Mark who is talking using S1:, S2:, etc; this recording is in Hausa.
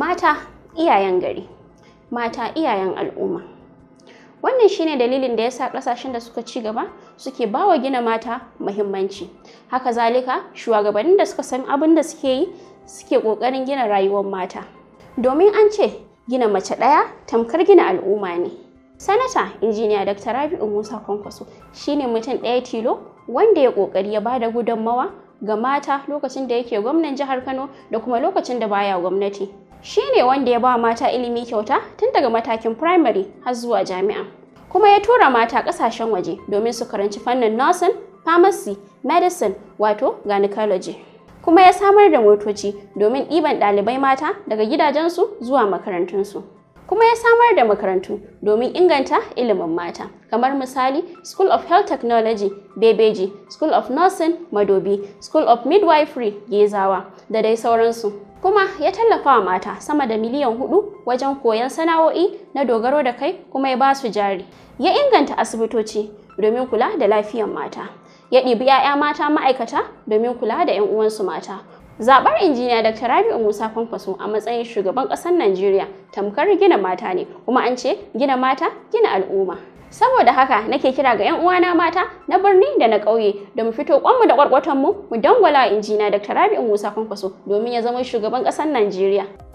S1: mata iyayen gari mata iyayen al'umma wannan shine dalilin da ya sa ƙasashen da suka ci gaba suke bawa gina mata muhimmanci haka zalika shugabannin da suka san abin da suke yi suke kokarin gina rayuwar mata domin an ce gina mace ɗaya tamkar gina al'umma ne sanata injiniya dr rabi'u musa kwankwaso shine mutum ɗaya tilo wanda ya kokari ya bada gudunmawa ga mata lokacin da yake gwamnan jihar kano da kuma lokacin da baya gwamnati shi ne wanda ya ba mata ilimi kyauta tun daga matakin firamare har zuwa jami'a kuma ya tura mata ƙasashen waje domin su karanci fannin nursing pharmacy medicine wato gynecology kuma ya samar da motoci domin ɗiban ɗalibai mata daga gidajensu zuwa makarantunsu kuma ya samar da makarantu domin inganta ilimin mata kamar misali school of health technology bebeji school of nursing madobi school of midwifery gezawa da dai sauransu kuma ya tallafa wa mata sama da miliyan hudu wajen koyon sana'o'i na dogaro da kai kuma ya ba su jari ya inganta asibitoci domin kula da lafiyar mata ya ɗibi 'ya'ya mata ma'aikata domin kula da 'yan uwansu mata zabar injiniya Dr. Rabi'u Musa Kwankwaso a matsayin shugaban ƙasar Najeriya tamkar gina mata ne, kuma an ce gina mata gina al'umma. Saboda haka nake kira ga 'yan uwana mata na birni da na ƙauye da mu fito kwanmu da ƙwarƙwatonmu mu dangwala injiniya Dr. Rabi'u Musa Kwankwaso domin ya zama shugaban ƙasar Najeriya.